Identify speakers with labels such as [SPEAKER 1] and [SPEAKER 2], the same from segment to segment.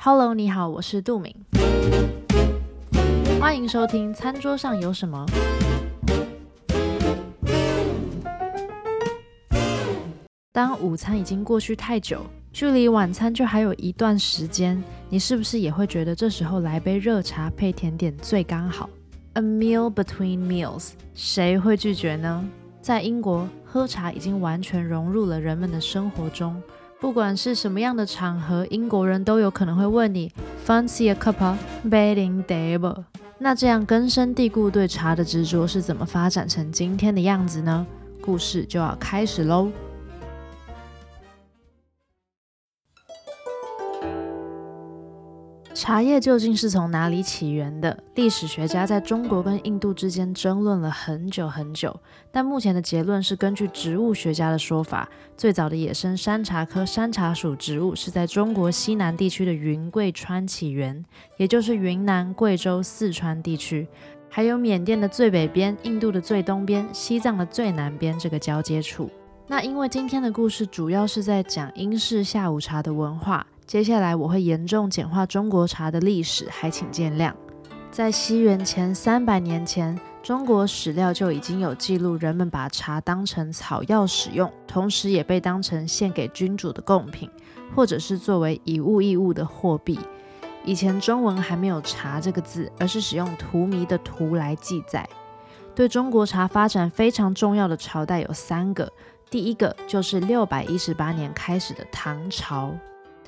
[SPEAKER 1] Hello，你好，我是杜明，歡迎收聽《餐桌上有什麼》。當午餐已經過去太久，距離晚餐就還有一段時間，你是不是也會覺得這時候來杯熱茶配甜點最剛好？A meal between meals，誰會拒絕呢？在英國，喝茶已經完全融入了人們的生活中。不管是什麼樣的場合，英國人都有可能會問你 Fancy a cup of tea, dear？那這樣根深蒂固對茶的執着是怎麼發展成今天的樣子呢？故事就要開始嘍。茶葉究竟是從哪裡起源的？歷史學家在中國跟印度之間爭論了很久很久，但目前的結論是，根據植物學家的說法，最早的野生山茶科山茶屬植物是在中國西南地區的雲貴川起源，也就是雲南、貴州、四川地區，還有緬甸的最北邊、印度的最東邊、西藏的最南邊這個交接處。那因為今天的故事主要是在講英式下午茶的文化。接下來我會嚴重簡化中國茶的歷史，還請見諒。在西元前三百年前，中國史料就已經有記錄，人們把茶當成草藥使用，同時也被當成獻給君主的貢品，或者是作為以物易物的貨幣。以前中文還沒有“茶”這個字，而是使用“荼蘼”的“荼”來記載。對中國茶發展非常重要的朝代有三個，第一個就是六百一十八年開始的唐朝。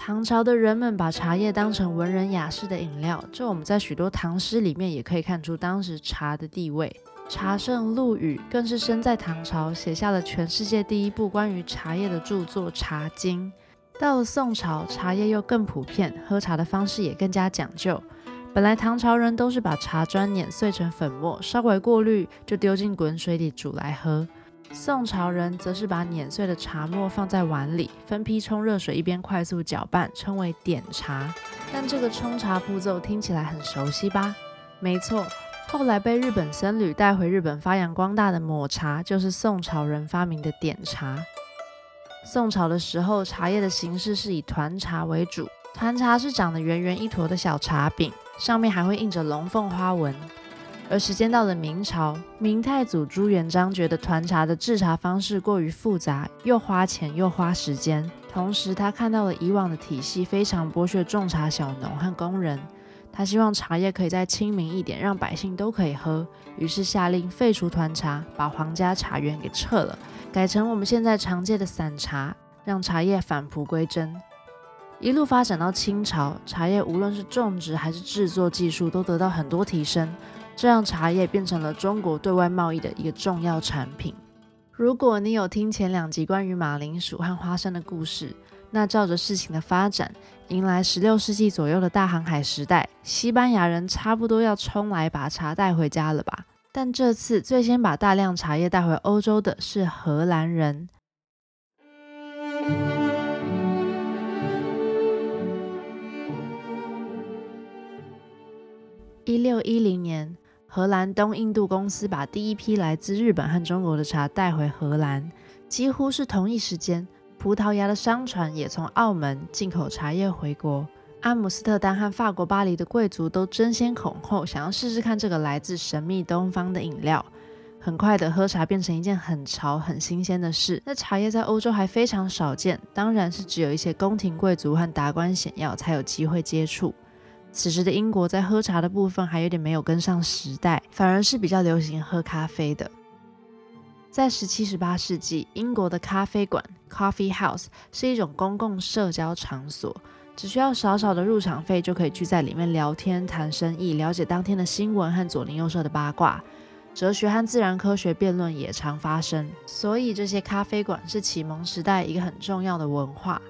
[SPEAKER 1] 唐朝的人們把茶葉當成文人雅士的飲料，這我們在許多唐詩裡面也可以看出當時茶的地位。茶聖陸羽更是身在唐朝，寫下了全世界第一部關於茶葉的著作《茶經》。到了宋朝，茶葉又更普遍，喝茶的方式也更加講究。本來唐朝人都是把茶磚碾碎成粉末，稍微過濾就丟進滾水裡煮來喝。宋朝人則是把碾碎的茶末放在碗裡，分批沖熱水，一邊快速攪拌，稱為點茶。但這個沖茶步驟聽起來很熟悉吧？沒錯，後來被日本僧侶帶回日本發揚光大的抹茶，就是宋朝人發明的點茶。宋朝的時候，茶葉的形式是以團茶為主，團茶是長得圓圓一坨的小茶餅，上面還會印着龍鳳花紋。而時間到了明朝，明太祖朱元璋覺得團茶的製茶方式過於複雜，又花錢又花時間。同時，他看到了以往的體系非常剝削種茶小農和工人，他希望茶葉可以再親民一點，讓百姓都可以喝。於是下令廢除團茶，把皇家茶園給撤了，改成我們現在常見的散茶，讓茶葉返璞歸真。一路發展到清朝，茶葉無論是種植還是制作技術都得到很多提升。這讓茶葉變成了中國對外貿易的一個重要產品。如果你有聽前兩集關於馬鈴薯和花生的故事，那照着事情的發展，迎來十六世紀左右的大航海時代，西班牙人差不多要衝來把茶帶回家了吧？但這次最先把大量茶葉帶回歐洲的是荷蘭人。一六一零年，荷蘭東印度公司把第一批來自日本和中國的茶帶回荷蘭，幾乎是同一時間，葡萄牙的商船也從澳門進口茶葉回國。阿姆斯特丹和法國巴黎的貴族都爭先恐後想要試試看這個來自神祕東方的飲料。很快的，喝茶變成一件很潮、很新鮮的事。那茶葉在歐洲還非常少見，當然是只有一些宮廷貴族和達官顯要才有機會接觸。此時的英國在喝茶的部分還有點沒有跟上時代，反而是比較流行喝咖啡的。在十七、十八世紀，英國的咖啡館 （coffee house） 是一種公共社交場所，只需要少少的入場費就可以聚在裡面聊天、談生意、了解當天的新聞和左鄰右舍的八卦。哲學和自然科學辯論也常發生，所以這些咖啡館是啟蒙時代一個很重要的文化。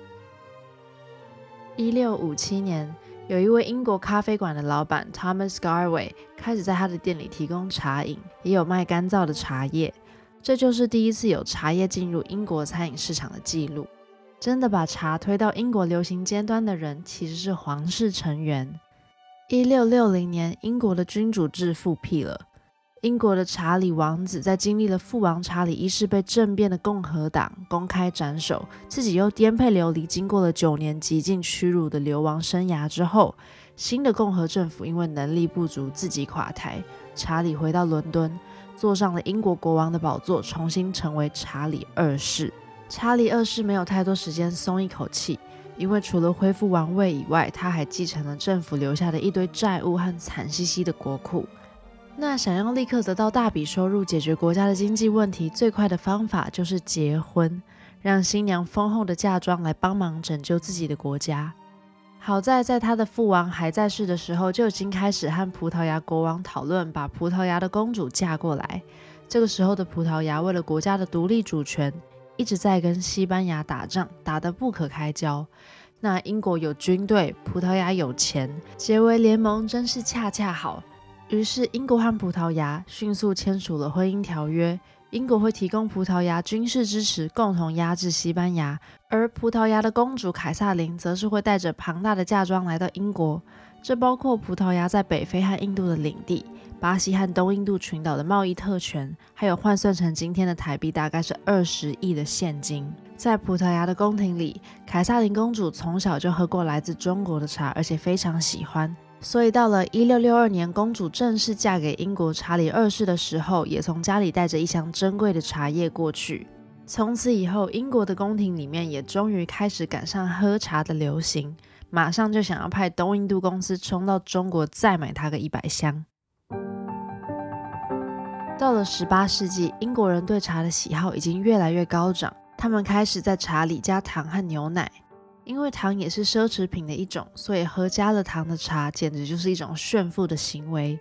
[SPEAKER 1] 一六五七年。有一位英國咖啡館的老闆 Thomas Garway 開始在他的店裡提供茶飲，也有賣乾燥的茶葉。這就是第一次有茶葉進入英國餐飲市場的記錄。真的把茶推到英國流行尖端的人，其實是皇室成員。一六六零年，英國的君主制復辟了。英國的查理王子在經歷了父王查理一世被政變的共和黨公開斬首，自己又顛沛流離，經過了九年極盡屈辱的流亡生涯之後，新的共和政府因為能力不足自己垮台，查理回到倫敦，坐上了英國國王的寶座，重新成為查理二世。查理二世沒有太多時間鬆一口氣，因為除了恢復王位以外，他還繼承了政府留下的一堆債務和慘兮兮的國庫。那想要立刻得到大筆收入，解決國家的經濟問題，最快的方法就是結婚，讓新娘豐厚的嫁妝來幫忙拯救自己的國家。好在在他的父王還在世的時候，就已經開始和葡萄牙國王討論把葡萄牙的公主嫁過來。這個時候的葡萄牙為了國家的獨立主權，一直在跟西班牙打仗，打得不可開交。那英國有軍隊，葡萄牙有錢，結為聯盟真是恰恰好。於是，英國和葡萄牙迅速簽署了婚姻條約。英國會提供葡萄牙軍事支持，共同壓制西班牙。而葡萄牙的公主凱撒琳則是會帶着龐大的嫁妝來到英國，這包括葡萄牙在北非和印度的領地、巴西和東印度群島的貿易特權，還有換算成今天的台幣大概是二十億的現金。在葡萄牙的宮廷裡，凱撒琳公主從小就喝過來自中國的茶，而且非常喜歡。所以到了一六六二年，公主正式嫁給英國查理二世的時候，也從家裡帶着一箱珍貴的茶葉過去。從此以後，英國的宮廷裡面也終於開始趕上喝茶的流行，馬上就想要派東印度公司衝到中國再買它個一百箱。到了十八世紀，英國人對茶的喜好已經越來越高漲，他們開始在茶裡加糖和牛奶。因為糖也是奢侈品的一種，所以喝加了糖的茶簡直就是一種炫富的行為。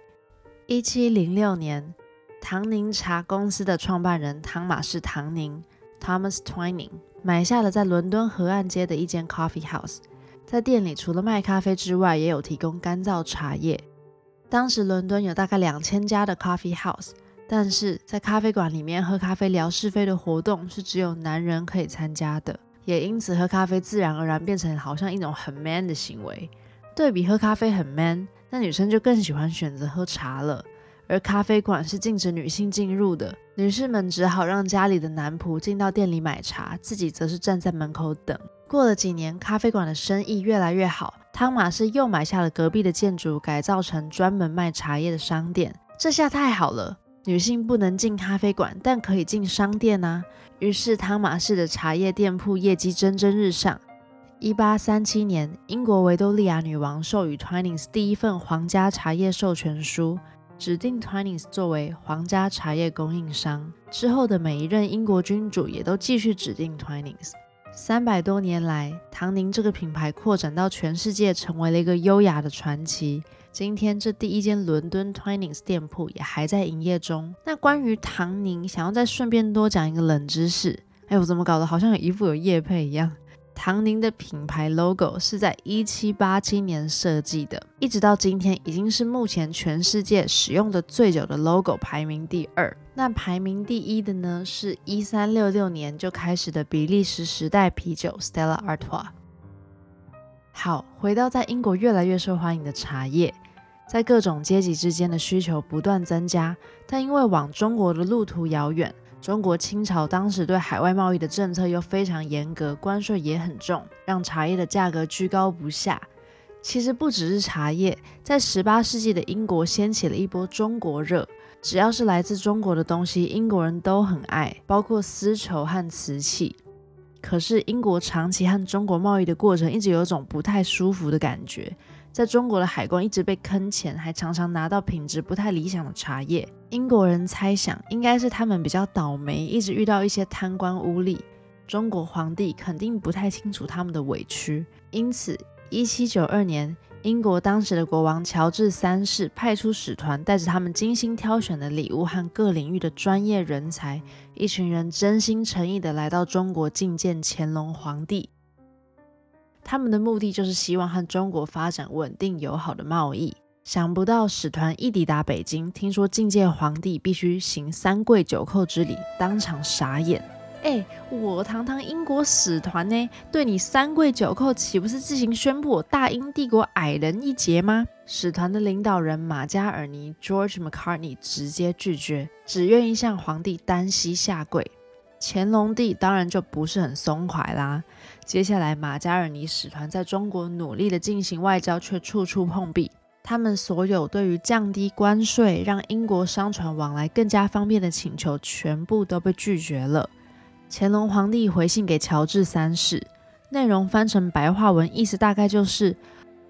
[SPEAKER 1] 一七零六年，唐寧茶公司的創辦人湯馬士唐寧 （Thomas Twining） 買下了在倫敦河岸街的一間 coffee house，在店裡除了賣咖啡之外，也有提供乾燥茶葉。當時倫敦有大概兩千家的 coffee house，但是在咖啡館裡面喝咖啡聊是非的活動是只有男人可以參加的。也因此，喝咖啡自然而然變成好像一種很 man 的行為。對比喝咖啡很 man，那女生就更喜歡選擇喝茶了。而咖啡館是禁止女性進入的，女士們只好讓家裡的男僕進到店裡買茶，自己則是站在門口等。過了幾年，咖啡館的生意越來越好，湯瑪士又買下了隔壁的建築，改造成專門賣茶葉的商店。這下太好了。女性不能進咖啡館，但可以進商店啊。於是湯馬士的茶葉店鋪業績蒸蒸日上。一八三七年，英國維多利亞女王授予 Twinings 第一份皇家茶葉授權書，指定 Twinings 作為皇家茶葉供應商。之後的每一任英國君主也都繼續指定 Twinings。三百多年來，唐寧這個品牌擴展到全世界，成為了一個優雅的傳奇。今天這第一間倫敦 Twinings 店鋪也還在營業中。那關於唐寧，想要再順便多講一個冷知識。哎，我怎麼搞的，好像有一副有業配一樣？唐寧的品牌 logo 是在一七八七年設計的，一直到今天已經是目前全世界使用的最久的 logo，排名第二。那排名第一的呢，是一三六六年就開始的比利時時代啤酒 Stella Artois。好，回到在英國越來越受歡迎的茶葉，在各種階級之間的需求不斷增加，但因為往中國的路途遙遠，中國清朝當時對海外貿易的政策又非常嚴格，關稅也很重，讓茶葉的價格居高不下。其實不只是茶葉，在18世紀的英國掀起了一波中國熱，只要是來自中國的東西，英國人都很愛，包括絲綢和瓷器。可是英國長期和中國貿易的過程，一直有種不太舒服的感覺。在中國的海關一直被坑錢，還常常拿到品質不太理想的茶葉。英國人猜想，應該是他們比較倒霉，一直遇到一些貪官污吏。中國皇帝肯定不太清楚他們的委屈，因此，一七九二年，英國當時的國王喬治三世派出使團，帶着他們精心挑選的禮物和各領域的專業人才。一群人真心誠意地來到中國覲見乾隆皇帝，他們的目的就是希望和中國發展穩定友好的貿易。想不到使團一抵達北京，聽說覲見皇帝必須行三跪九叩之禮，當場傻眼。哎，我堂堂英國使團呢，對你三跪九叩，豈不是自行宣布我大英帝國矮人一截嗎？使團的領導人馬加爾尼 （George McCartney） 直接拒絕，只願意向皇帝單膝下跪。乾隆帝當然就不是很鬆快啦。接下來，馬加爾尼使團在中國努力的進行外交，卻處處碰壁。他們所有對於降低關稅、讓英國商船往來更加方便的請求，全部都被拒絕了。乾隆皇帝回信給喬治三世，內容翻成白話文，意思大概就是。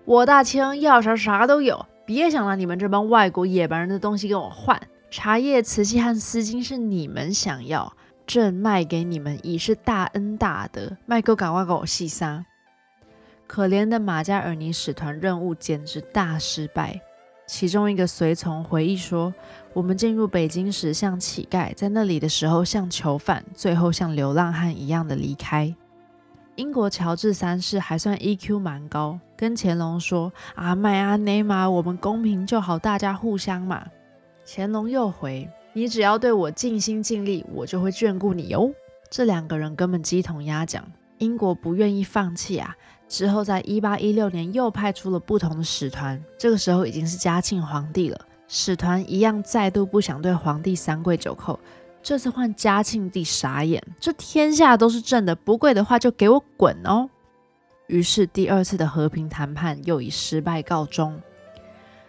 [SPEAKER 1] 我大清要啥啥都有，別想拿你們這幫外國野蠻人的東西跟我換，茶葉、瓷器和絲巾是你們想要，朕賣給你們已是大恩大德，賣夠趕快給我細沙！可憐的馬加爾尼使團任務簡直大失敗，其中一個隨從回憶說：“我們進入北京時像乞丐，在那裡的時候像囚犯，最後像流浪漢一樣的離開。”英國喬治三世還算 EQ 蠻高，跟乾隆說，阿媽阿奶媽，我們公平就好，大家互相嘛。乾隆又回，你只要對我盡心盡力，我就會眷顧你喲。這兩個人根本雞同鴨講，英國不願意放棄啊。之後在1816年又派出了不同的使團，這個時候已經是嘉慶皇帝了，使團一樣再度不想對皇帝三跪九叩。這次換嘉慶帝傻眼，這天下都是朕的，不跪的話就給我滾哦！於是第二次的和平談判又以失敗告終。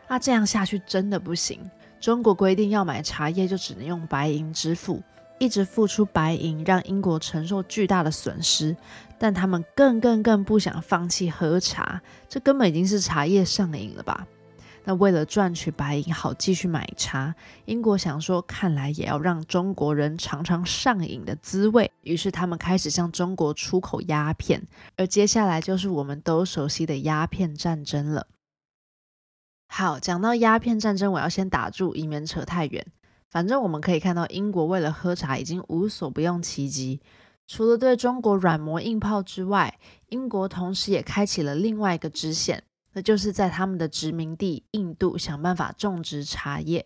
[SPEAKER 1] 那、啊、這樣下去真的不行。中國規定要買茶葉就只能用白銀支付，一直付出白銀，讓英國承受巨大的損失。但他們更更更不想放棄喝茶，這根本已經是茶葉上癮了吧！那為了賺取白銀，好繼續買茶，英國想說，看來也要讓中國人嘗嘗上癮的滋味，於是他們開始向中國出口鴉片，而接下來就是我們都熟悉的鴉片戰爭了。好，講到鴉片戰爭，我要先打住，以免扯太遠。反正我們可以看到，英國為了喝茶已經無所不用其極，除了對中國軟磨硬泡之外，英國同時也開啟了另外一個支線。那就是在他們的殖民地印度想辦法種植茶葉，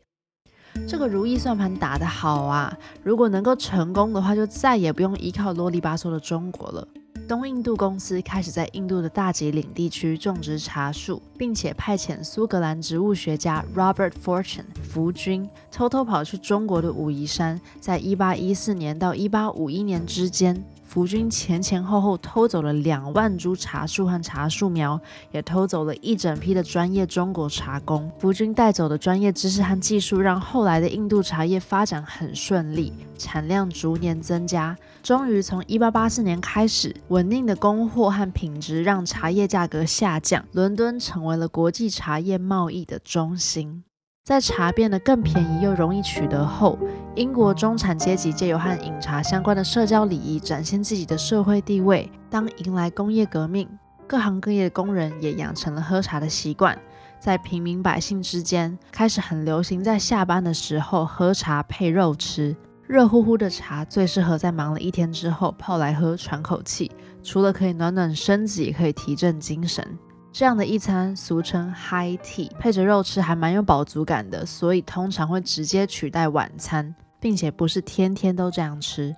[SPEAKER 1] 這個如意算盤打得好啊！如果能夠成功的話，就再也不用依靠囉里吧嗦的中國了。東印度公司開始在印度的大吉嶺地區種植茶樹，並且派遣蘇格蘭植物學家 Robert Fortune 福鈞偷偷跑去中國的武夷山，在1814年到1851年之間。福軍前前後後偷走了兩萬株茶樹和茶樹苗，也偷走了一整批的專業中國茶工。福鈞帶走的專業知識和技術，讓後來的印度茶葉發展很順利，產量逐年增加。終於從一八八四年開始，穩定的供貨和品質讓茶葉價格下降，倫敦成為了國際茶葉貿易的中心。在茶變得更便宜又容易取得後，英國中產階級借由和飲茶相關的社交禮儀展現自己的社會地位。當迎來工業革命，各行各業的工人也養成了喝茶的習慣。在平民百姓之間，開始很流行在下班的時候喝茶配肉吃。熱乎乎的茶最適合在忙了一天之後泡來喝，喘口氣。除了可以暖暖身子，也可以提振精神。這樣的一餐俗稱 high tea，配着肉吃還蠻有飽足感的，所以通常會直接取代晚餐，並且不是天天都這樣吃。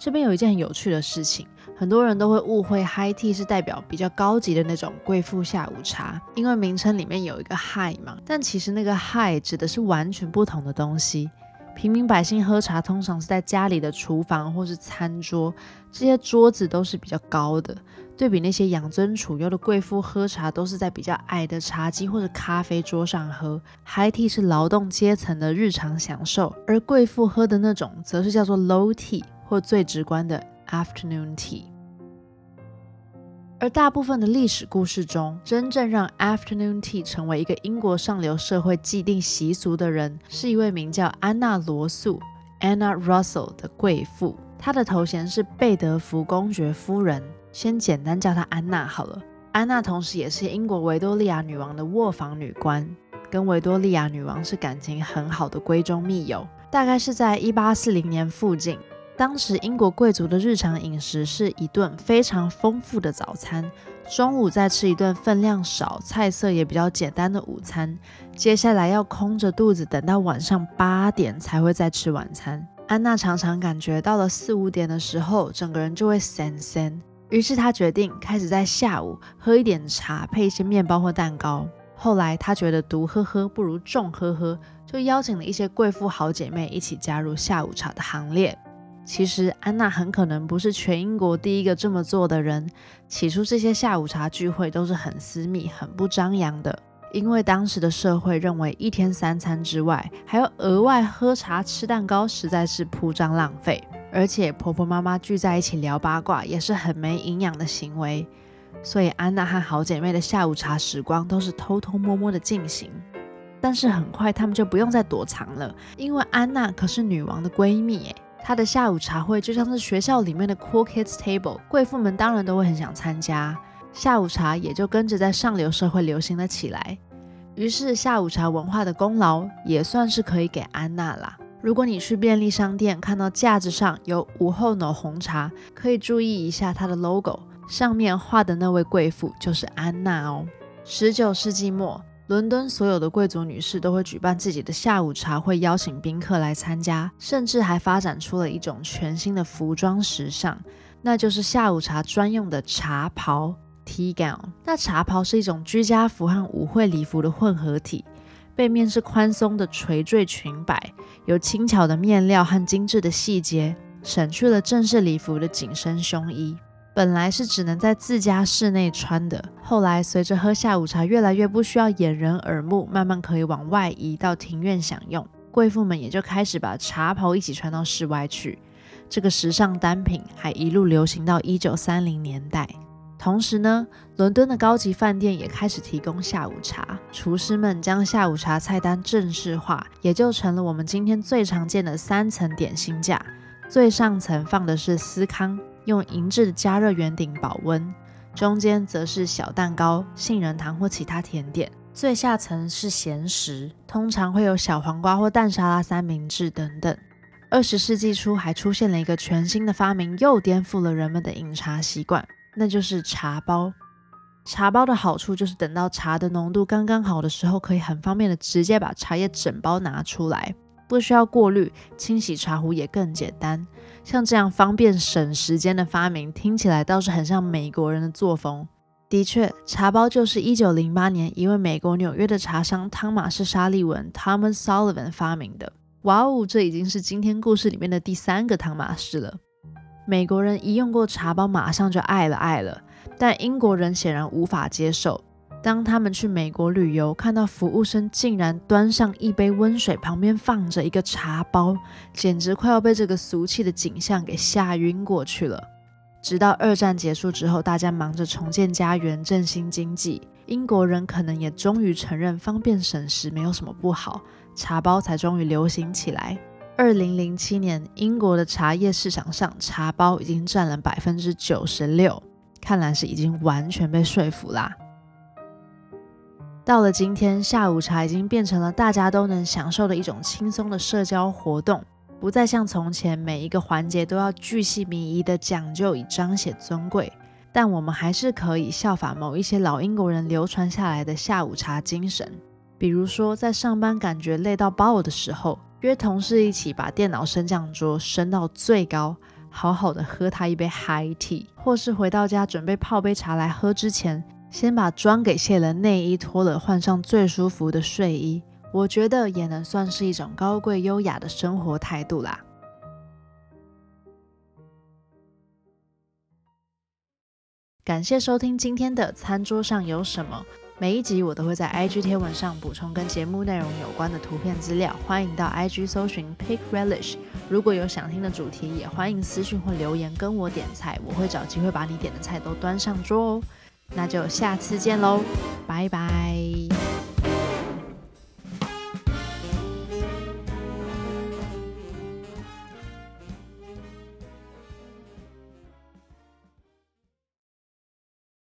[SPEAKER 1] 這邊有一件很有趣的事情，很多人都會誤會 high tea 是代表比較高級的那種貴婦下午茶，因為名稱裡面有一個 high 嘛，但其實那個 high 指的是完全不同的東西。平民百姓喝茶通常是在家裡的廚房或是餐桌，這些桌子都是比較高的。對比那些養尊處優的貴婦喝茶，都是在比較矮的茶几或者咖啡桌上喝。High tea 是勞動階層的日常享受，而貴婦喝的那種，則是叫做 Low tea，或最直觀的 Afternoon tea。而大部分的歷史故事中，真正讓 Afternoon tea 成為一個英國上流社會既定習俗的人，是一位名叫安娜·羅素 （Anna Russell） 的貴婦，她的頭銜是貝德福公爵夫人。先簡單叫她安娜好了。安娜同時也是英國維多利亞女王的臥房女官，跟維多利亞女王是感情很好的閨中密友。大概是在一八四零年附近，當時英國貴族的日常飲食是一頓非常豐富的早餐，中午再吃一頓分量少、菜色也比較簡單的午餐，接下來要空着肚子等到晚上八點才會再吃晚餐。安娜常常感覺到了四五點的時候，整個人就會酸酸。於是她決定開始在下午喝一點茶，配一些麵包或蛋糕。後來她覺得獨喝喝不如眾喝喝，就邀請了一些貴婦好姐妹一起加入下午茶的行列。其實安娜很可能不是全英國第一個這麼做的人。起初這些下午茶聚會都是很私密、很不張揚的，因為當時的社會認為一天三餐之外還要額外喝茶吃蛋糕，實在是鋪張浪費。而且婆婆媽媽聚在一起聊八卦也是很沒營養的行為，所以安娜和好姐妹的下午茶時光都是偷偷摸摸的進行。但是很快她們就不用再躲藏了，因為安娜可是女王的閨蜜哎，她的下午茶會就像是學校裡面的 cool kids table，貴婦們當然都會很想參加，下午茶也就跟着在上流社會流行了起來。於是下午茶文化的功勞也算是可以給安娜了。如果你去便利商店，看到架子上有午後の紅茶，可以注意一下它的 logo，上面畫的那位貴婦就是安娜哦。十九世紀末，倫敦所有的貴族女士都會舉辦自己的下午茶會，邀請賓客來參加，甚至還發展出了一種全新的服裝時尚，那就是下午茶專用的茶袍 tea gown。那茶袍是一種居家服和舞會禮服的混合體。背面是寬鬆的垂墜裙擺，有輕巧的面料和精致的細節，省去了正式禮服的緊身胸衣。本來是只能在自家室內穿的，後來隨着喝下午茶越來越不需要掩人耳目，慢慢可以往外移到庭院享用，貴婦們也就開始把茶袍一起穿到室外去。這個時尚單品還一路流行到一九三零年代。同時呢，倫敦的高級飯店也開始提供下午茶，廚師們將下午茶菜單正式化，也就成了我們今天最常見的三層點心架。最上層放的是司康，用銀質的加熱圓頂保溫；中間則是小蛋糕、杏仁糖或其他甜點；最下層是鹹食，通常會有小黃瓜或蛋沙拉三明治等等。二十世紀初還出現了一個全新的發明，又顛覆了人們的飲茶習慣。那就是茶包。茶包的好處就是，等到茶的濃度剛剛好的時候，可以很方便的直接把茶葉整包拿出來，不需要過濾，清洗茶壺也更簡單。像這樣方便省時間的發明，聽起來倒是很像美國人的作風。的確，茶包就是一九零八年一位美國紐約的茶商湯馬士沙利文 （Thomas Sullivan） 發明的。哇哦，這已經是今天故事裡面的第三個湯馬士了。美國人一用過茶包，馬上就愛了愛了。但英國人顯然無法接受。當他們去美國旅遊，看到服務生竟然端上一杯溫水，旁邊放着一個茶包，簡直快要被這個俗氣的景象給嚇暈過去了。直到二戰結束之後，大家忙着重建家園、振興經濟，英國人可能也終於承認方便省時沒有什麼不好，茶包才終於流行起來。二零零七年，英國的茶葉市場上，茶包已經佔了百分之九十六，看來是已經完全被說服啦。到了今天，下午茶已經變成了大家都能享受的一種輕鬆的社交活動，不再像從前，每一個環節都要鉅細靡遺的講究以彰顯尊貴。但我們還是可以效仿某一些老英國人流傳下來的下午茶精神，比如說在上班感覺累到爆的時候，約同事一起把電腦升降桌升到最高，好好的喝他一杯 high tea；或是回到家準備泡杯茶來喝之前，先把妝給卸了，內衣脫了，換上最舒服的睡衣，我覺得也能算是一種高貴優雅的生活態度啦。感謝收聽今天的《餐桌上有什麼》。每一集我都會在 IG 貼文上補充跟節目內容有關的圖片資料，歡迎到 IG 搜尋 pickrelish。如果有想聽的主題，也歡迎私訊或留言跟我點菜，我會找機會把你點的菜都端上桌哦。那就下次見嘍，拜拜。